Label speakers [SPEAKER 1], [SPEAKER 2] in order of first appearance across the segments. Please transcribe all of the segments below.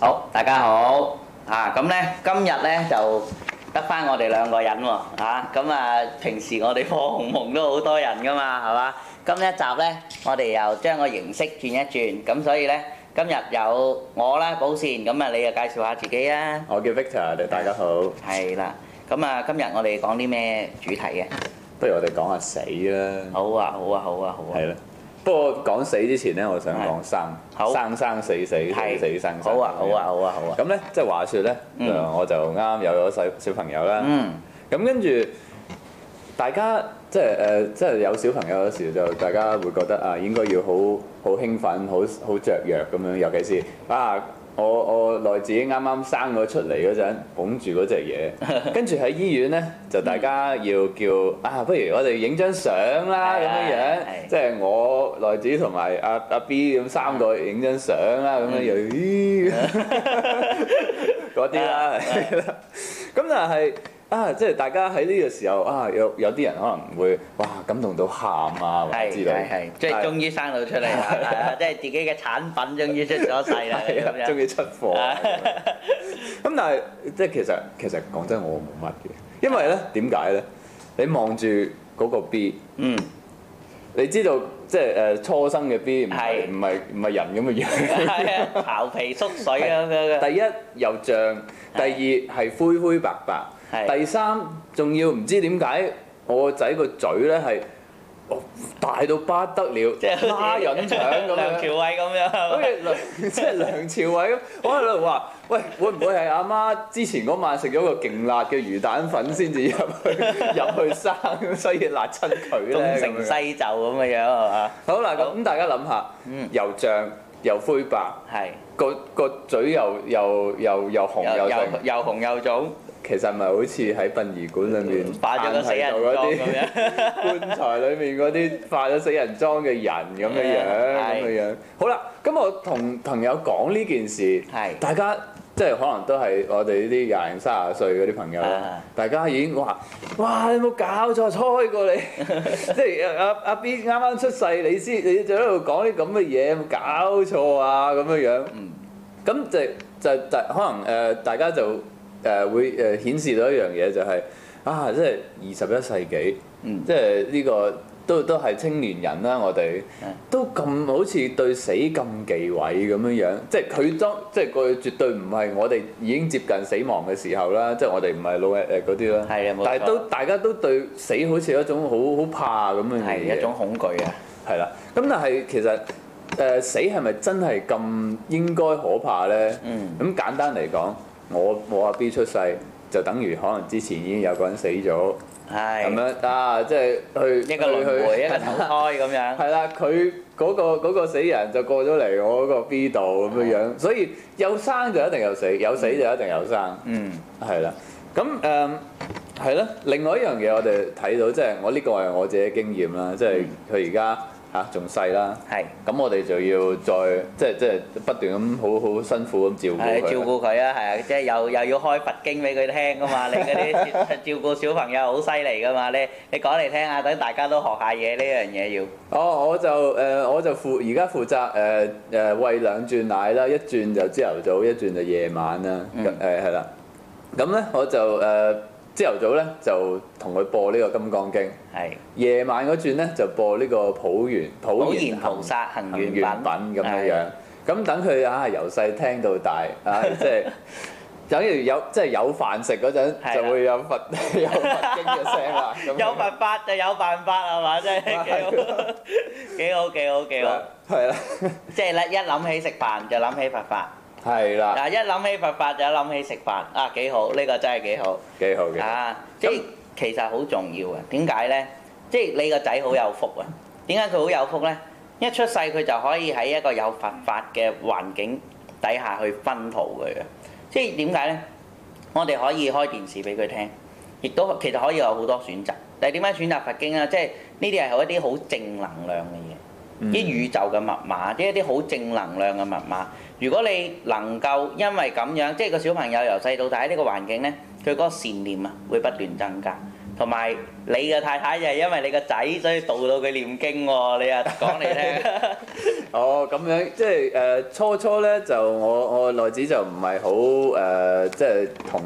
[SPEAKER 1] 好，大家好嚇咁咧，今日呢，就得翻我哋兩個人喎、啊、咁啊，啊，平時我哋破鴻蒙都好多人噶嘛，係嘛？今一集呢，我哋又將個形式轉一轉，咁、啊、所以呢，今日有我啦，寶善。咁啊你又介紹下自己啊？我叫 Victor，大家好。係啦，
[SPEAKER 2] 咁啊今日我哋講啲咩主題嘅、啊？不如我哋講下死啦。好啊，好啊，好啊，好啊。不過講死之前咧，我想講生，好生生死死，死對對死生，生好、啊。好啊，好啊，好啊，好啊。咁咧，即、就、係、是、話説咧，嗯、我就啱啱有咗細小朋友啦。咁跟住大家即係誒，即係、呃、有小朋友嗰時候就大家會覺得啊，應該要好好興奮，好好雀躍咁樣，尤其是啊。我我內子啱啱生咗出嚟嗰陣，捧住嗰隻嘢，跟住喺醫院呢，就大家要叫啊，不如我哋影張相啦咁的樣樣，即係我內子同埋阿阿 B 咁三個影張相啦咁樣樣，嗰啲啦，咁但係。啊！即係大家喺呢個時候啊，有有啲人可能會哇感動到喊啊，之類。係即係終
[SPEAKER 1] 於生到出嚟啦！即係 自己嘅產品終於出咗世啦！終於
[SPEAKER 2] 出貨。咁 但係即係其實其實講真，我冇乜嘅，因為咧點解咧？你望住嗰個 B，嗯，你知道即係誒初生嘅 B 唔係唔係唔係人咁嘅樣。係啊，刨皮縮水咁樣嘅。的 第一又像，第二係灰，灰灰白白，白。第三仲要唔知點解，我個仔個嘴咧係大到不得了。孖潤腸咁樣，樣 梁朝偉咁樣，好似即係梁朝偉咁。我喺度話：喂，會唔會係阿媽，媽之前嗰晚食咗個勁辣嘅魚蛋粉先至入去入去生，所以辣親佢咧？ 東成西就咁嘅樣係嘛？好嗱，咁樣好大家諗下油醬。又灰白，係個個嘴又又又又紅又又，又紅又腫，其實咪好似喺殯儀館裏面扮咗、嗯、死人裝咁，棺材裏面嗰啲化咗死人妝嘅人咁嘅樣，咁嘅樣。好啦，咁我同朋友講呢件事，的大家。即係可能都係我哋呢啲廿零、三十歲嗰啲朋友、啊，啊、大家已經話哇你冇搞錯，錯過你， 即係阿、啊、阿 B 啱啱出世，你先你就喺度講啲咁嘅嘢，冇搞錯啊咁樣樣。咁、嗯、就就就可能誒、呃，大家就誒、呃、會誒顯、呃、示到一樣嘢、就是，就係啊，即係二十一世紀，嗯、即係呢、這個。都都係青年人啦、啊，我哋、嗯、都咁好似對死咁忌諱咁樣樣，即係佢當即係佢絕對唔係我哋已經接近死亡嘅時候啦，即係我哋唔係老嘅嗰啲啦。係啊，冇錯。但係都大家都對死好似有一種好好怕咁樣嘅，係一種恐懼嘅、啊。係啦，咁但係其實誒、呃、死係咪真係咁應該可怕咧？嗯，咁簡單嚟講，我我阿 B 出世就等於可能之前已經有個人死咗，咁樣啊，即係去女格林去，去，去一個投胎咁樣。係啦， 佢嗰、那個那個死人就過咗嚟我嗰個 B 度咁嘅樣，所以有生就一定有死，有死就一定有生。嗯、mm，係、hmm. 啦。咁誒，係、uh, 咯。四另外一樣嘢我哋睇到，即、就、係、是、我呢、這個係我自己經驗啦，即係佢而家。嚇，仲細啦，咁是我哋就要再即即不斷咁好好，好辛苦咁照顧佢，照顧佢啊，係啊，即又又要開佛經俾佢
[SPEAKER 1] 聽噶嘛，你嗰啲 照顧小朋友好犀利噶嘛，你你講嚟聽下，等大家都學下嘢呢樣嘢要。
[SPEAKER 2] 哦，我就誒、呃，我就負而家負責誒誒餵兩轉奶啦，一轉就朝頭早，一轉就夜晚啦，誒係啦，咁咧、嗯、我就誒。呃朝頭早咧就同佢播呢個《金剛經》，夜晚嗰轉咧就播呢個《普賢普賢行願品》咁嘅樣。咁等佢啊由細聽到大啊，即係等如有即係有飯食嗰陣就會有佛有佛經嘅
[SPEAKER 1] 聲啦。有佛法就有辦法係嘛？真係幾好，幾好，幾好，幾好。係啦，即係咧，一諗起食飯就諗起佛法。係啦，嗱一諗起佛法就諗起食法，啊幾好呢，這個真係幾，幾好，幾好嘅，啊即係其實好重要嘅。點解呢？即係你個仔好有福啊？點解佢好有福呢？一出世佢就可以喺一個有佛法嘅環境底下去薰陶佢嘅。即係點解呢？我哋可以開電視俾佢聽，亦都其實可以有好多選擇。但係點解選擇佛經咧？即係呢啲係一啲好正能量嘅。啲、嗯、宇宙嘅密碼，啲一啲好正能量嘅密碼。如果你能夠因為咁樣，即係個小朋友由細到大呢個環境咧，佢個善念啊會不斷增加。同埋你嘅太太就係因為你個仔所以導到佢念經喎、哦，你又講嚟聽。
[SPEAKER 2] 哦，咁樣即係誒、呃、初初咧就我我內子就唔係好誒，即係同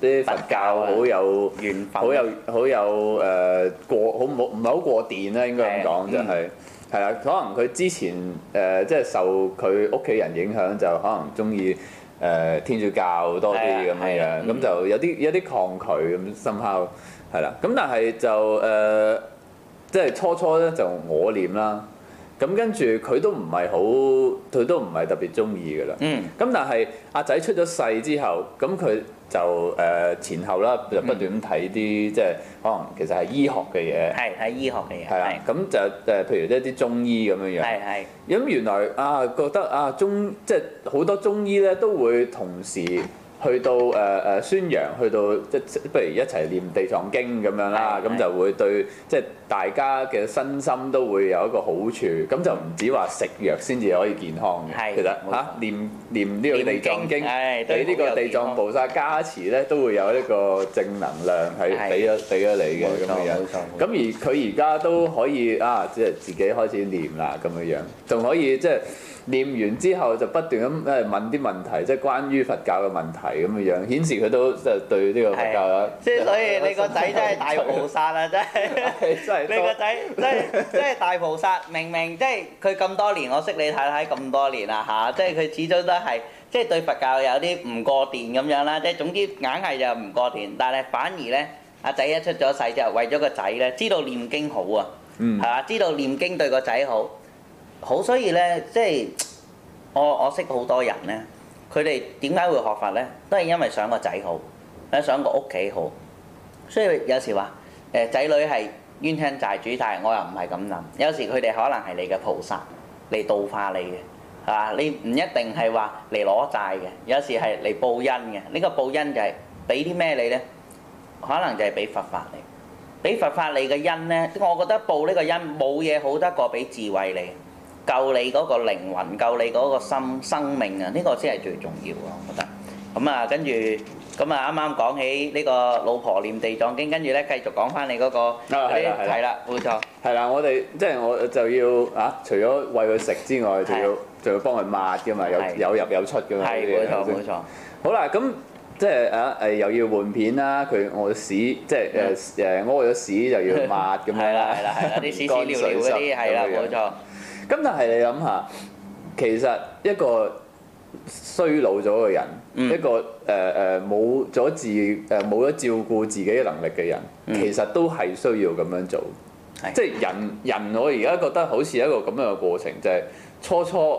[SPEAKER 2] 啲佛教好有緣、啊、有分，好有好有誒過好冇唔係好過電咧應該咁講真係。係啦，可能佢之前誒、呃、即係受佢屋企人影響，就可能中意誒天主教多啲咁嘅樣，咁的就有啲有啲抗拒咁深刻，係啦。咁但係就誒、呃，即係初初咧就我念啦。咁跟住佢都唔係好，佢都唔係特別中意噶啦。嗯。咁但係阿仔出咗世之後，咁佢就誒、呃、前後啦，就不斷睇啲、嗯、即係可能其實係醫學嘅嘢。係係醫學嘅嘢。係啊。咁是就誒，譬如一啲中醫咁樣樣。係係。咁、嗯、原來啊，覺得啊中即係好多中醫咧，都會同時，去到誒誒宣揚，去到即係不如一齊念地藏經咁樣啦，咁就會對即大家嘅身心都會有一個好處，咁就唔止話食藥先至可以健康嘅。其實嚇唸唸呢個地藏經，俾呢個地藏菩薩加持咧，都會有一個正能量係俾咗俾咗你嘅咁嘅樣。咁而佢而家都可以啊，即係自己開始念啦咁嘅樣，仲可以即係念完之後就不斷咁誒問啲問題，即係關於佛教嘅問題。係咁嘅樣，顯示佢都即係對呢個佛教，即係，啊、所以你個仔真係大菩薩
[SPEAKER 1] 啦，啊，真係！ 你個仔真係真係大菩薩，明明即係佢咁多年，我識你太太咁多年啦嚇，啊，即係佢始終都係即係對佛教有啲唔過電咁樣啦，即係總之硬係就唔過電，但係反而咧，阿仔一出咗世就為咗個仔咧，知道念經好啊，係嘛，嗯？知道念經對個仔好，好所以咧，即係我我識好多人咧。佢哋點解會學佛呢？都係因為想個仔好，想個屋企好。所以有時話誒仔女係冤親債主，但係我又唔係咁諗。有時佢哋可能係你嘅菩薩嚟度化你嘅，係嘛？你唔一定係話嚟攞債嘅，有時係嚟報恩嘅。呢個報恩就係俾啲咩你呢？可能就係俾佛法你。俾佛法你嘅恩呢，我覺得報呢個恩冇嘢好得過俾智慧你。救你嗰個靈魂，救你嗰個心生命啊！呢個先係最重要啊，我覺得。咁啊，跟住咁啊，啱啱講起呢個老婆念地藏經，跟住咧繼續講翻你嗰個，係啦係啦，冇錯。
[SPEAKER 2] 係啦，我哋即係我就要啊，除咗餵佢食之外，仲要仲要幫佢抹噶嘛，有有入有出噶嘛。係冇錯冇錯。好啦，咁即係啊誒，又要換片啦。佢屙屎，即係誒誒，屙咗屎就要抹咁樣。係啦係啦係啦，啲屎屎尿尿嗰啲係啦，冇錯。咁但係你諗下，其實一個衰老咗嘅人，嗯、一個誒誒冇咗自誒冇咗照顧自己嘅能力嘅人，嗯、其實都係需要咁樣做。的即係人，人我而家覺得好似一個咁樣嘅過程，就係、是、初初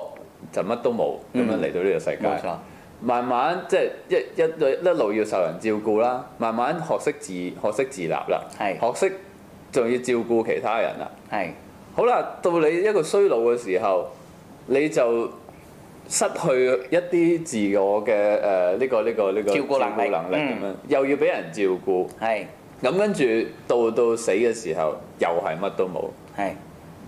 [SPEAKER 2] 就乜都冇咁樣嚟到呢個世界，嗯、慢慢即係一一一路要受人照顧啦，慢慢學識自學識自立啦，的學識仲要照顧其他人啦。的好啦，到你一個衰老嘅時候，你就失去一啲自我嘅誒呢個呢、這個呢、這個照顧能力咁、嗯、樣，又要俾人照顧。係咁跟住到到死嘅時候，又係乜都冇。係是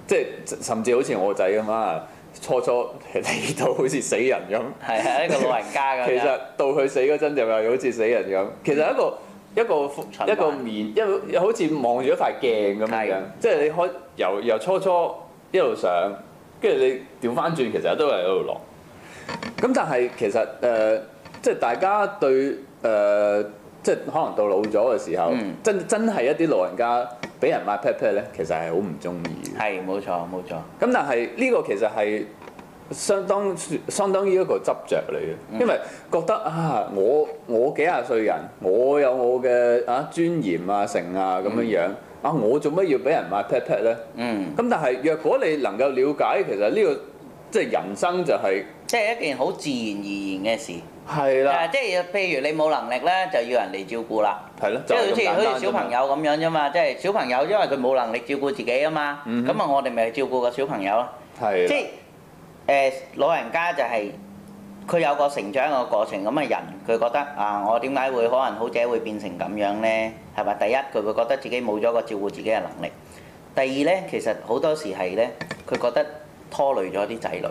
[SPEAKER 2] 即係甚至好似我仔咁啊，初初嚟到好似死人咁，係係、啊、一個老人家咁 其實到佢死嗰陣就又好似死人咁。其實一個。嗯一個蠢般 一個面，一個好似望住一塊鏡咁樣，是的 即係你開由由初初一路上，跟住你調翻轉，其實都係喺度落。咁、嗯、但係其實誒、呃，即係大家對誒、呃，即係可能到老咗嘅時候，嗯、真真係一啲老人家俾人買 pat pat 咧，其實係好唔中意嘅。係冇錯冇錯。咁但係呢個其實係。相當相當於一個執著嚟嘅，因為覺得啊我我幾廿歲人，我有我嘅尊嚴啊誠啊，咁樣樣，我做咩要俾人買 pat pat 咧？嗯，咁但係若果你能夠了解其實呢個即係人生就係即係一件好自然而
[SPEAKER 1] 然嘅事。係啦，即係譬如你冇能力呢就要人嚟照顧啦。係咯，即係，好似好似小朋友，咁樣啫嘛，小朋友因為佢冇能力照顧自己啊嘛，咁我哋咪照顧個小朋友。即係，誒老人家就係、是、佢有個成長嘅過程咁嘅人，佢覺得啊，我點解會可能好者會變成咁樣呢？係咪第一，佢會覺得自己冇咗個照顧自己嘅能力。第二呢，其實好多時係呢，佢覺得拖累咗啲仔女，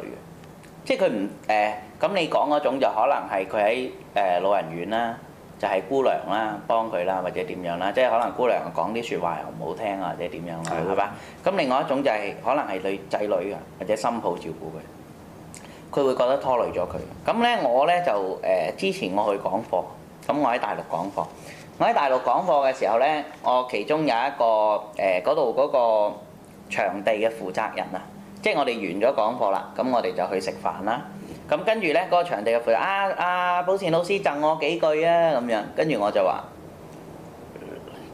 [SPEAKER 1] 即係佢唔誒咁。呃、你講嗰種就可能係佢喺誒老人院啦，就係、是、姑娘啦幫佢啦，或者點樣啦，即係可能姑娘講啲説話又唔好聽啊，或者點樣啦，係嘛的？咁另外一種就係、是、可能係女仔女啊，或者心抱照顧佢。佢會覺得拖累咗佢咁呢，我呢就誒、呃、之前我去講課，咁，我喺大陸講課。我喺大陸講課嘅時候呢，我其中有一個誒嗰度嗰個場地嘅負責人啊，即係我哋完咗講課啦，咁我哋就去食飯啦。咁跟住呢嗰、那個場地嘅負責啊啊，寶善老師贈我幾句啊咁樣。跟住我就話，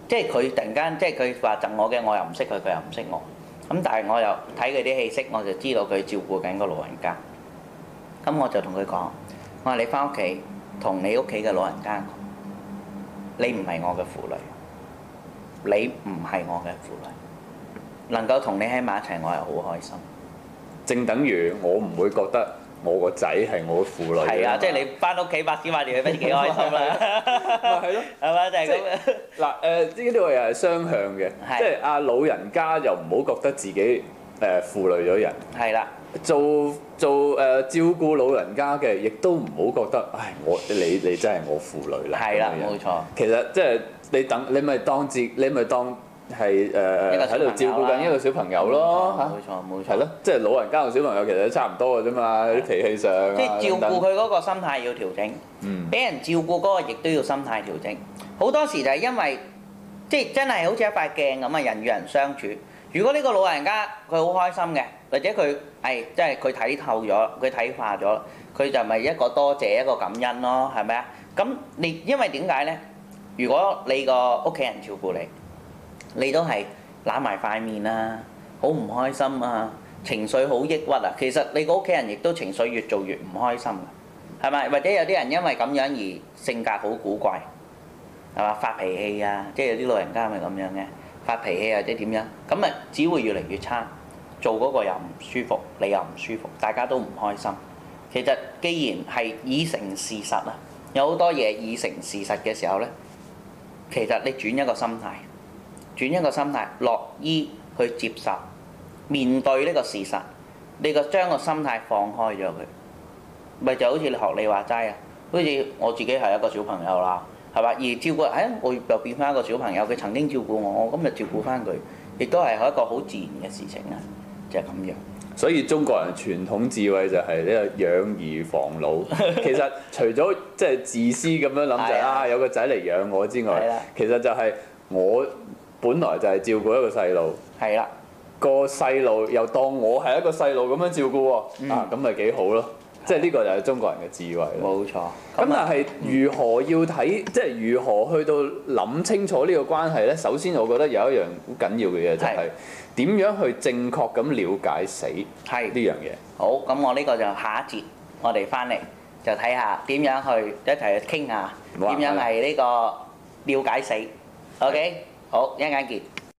[SPEAKER 1] 即係佢突然間即係佢話贈我嘅，我又唔識佢，佢又唔識我。咁但係我又睇佢啲氣息，我就知道佢照顧緊個老人家。咁我就同佢講：我話你翻屋企同你屋企嘅老人家，你唔係我嘅負累，
[SPEAKER 2] 你唔係我嘅負累。能夠同你喺埋一齊，我係好開心。正等於我唔會覺得我個仔係我嘅負累。係啊，即係
[SPEAKER 1] 你翻屋企百幾萬年，你不知幾開心啦。咪係咯，係
[SPEAKER 2] 嘛？即係嗱誒，呢啲話又係雙向嘅，即係阿老人家又唔好覺得自己誒負累咗人。係啦。做做誒、呃、照顧老人家嘅，亦都唔好覺得，唉，我你你真係我父女啦，係啦的，冇錯。其實即係你等你咪當住你咪當係誒喺度照顧緊一個小朋友咯、啊，冇錯冇錯，係咯、啊，即係錯、就是、老人家同小朋友其實都差唔多嘅啫嘛，啲脾的氣，氣上、啊，即係照顧佢
[SPEAKER 1] 嗰個心態要調整，嗯，俾人照顧嗰個亦都要心態調整。好多時就係因為即係、就是、真係好似一塊鏡咁啊，人與人相處。如果呢個老人家佢好開心嘅。或者佢誒、哎，即係佢睇透咗，佢睇化咗，佢就咪一個多謝一個感恩咯，係咪啊？咁你因為點解呢？如果你個屋企人照顧你，你都係攬埋塊面啊，好唔開心啊，情緒好抑鬱啊。其實你個屋企人亦都情緒越做越唔開心，係咪？或者有啲人因為咁樣而性格好古怪，係嘛？發脾氣啊，即係有啲老人家咪咁樣嘅，發脾氣或者點樣，咁咪只會越嚟越差。做嗰個又唔舒服，你又唔舒服，大家都唔開心。其實既然係已成事實啦，有好多嘢已成事實嘅時候呢，其實你轉一個心態，轉一個心態，樂意去接受面對呢個事實，你個將個心態放開咗佢，咪就好似你學你話齋啊，好似我自己係一個小朋友啦，係嘛？而照顧，哎，我又變翻一個小朋友，佢曾經照顧我，我今日照顧翻佢，亦都係一個好自然嘅事情啊！就係
[SPEAKER 2] 咁樣，所以中國人傳統智慧就係呢個養兒防老。 其實除咗即係自私咁樣諗就係、係呀、是的 有個仔嚟養我之外，的其實就係、係、我本來就係照顧一個細路，係啦是的，個細路又當我係一個細路咁樣照顧喎，啊咁咪幾好咯。即係呢個就係中國人嘅智慧，冇錯，咁但係如何要睇，即係如何去到諗清楚呢個關係咧？首先，我覺得有一樣好緊要嘅嘢是就係點樣去正確咁了解死呢是樣嘢。好，咁我呢個就下一節我哋翻嚟就睇下
[SPEAKER 1] 點樣去一齊去傾下點行樣係呢個了解死。是 OK，好，一陣間見。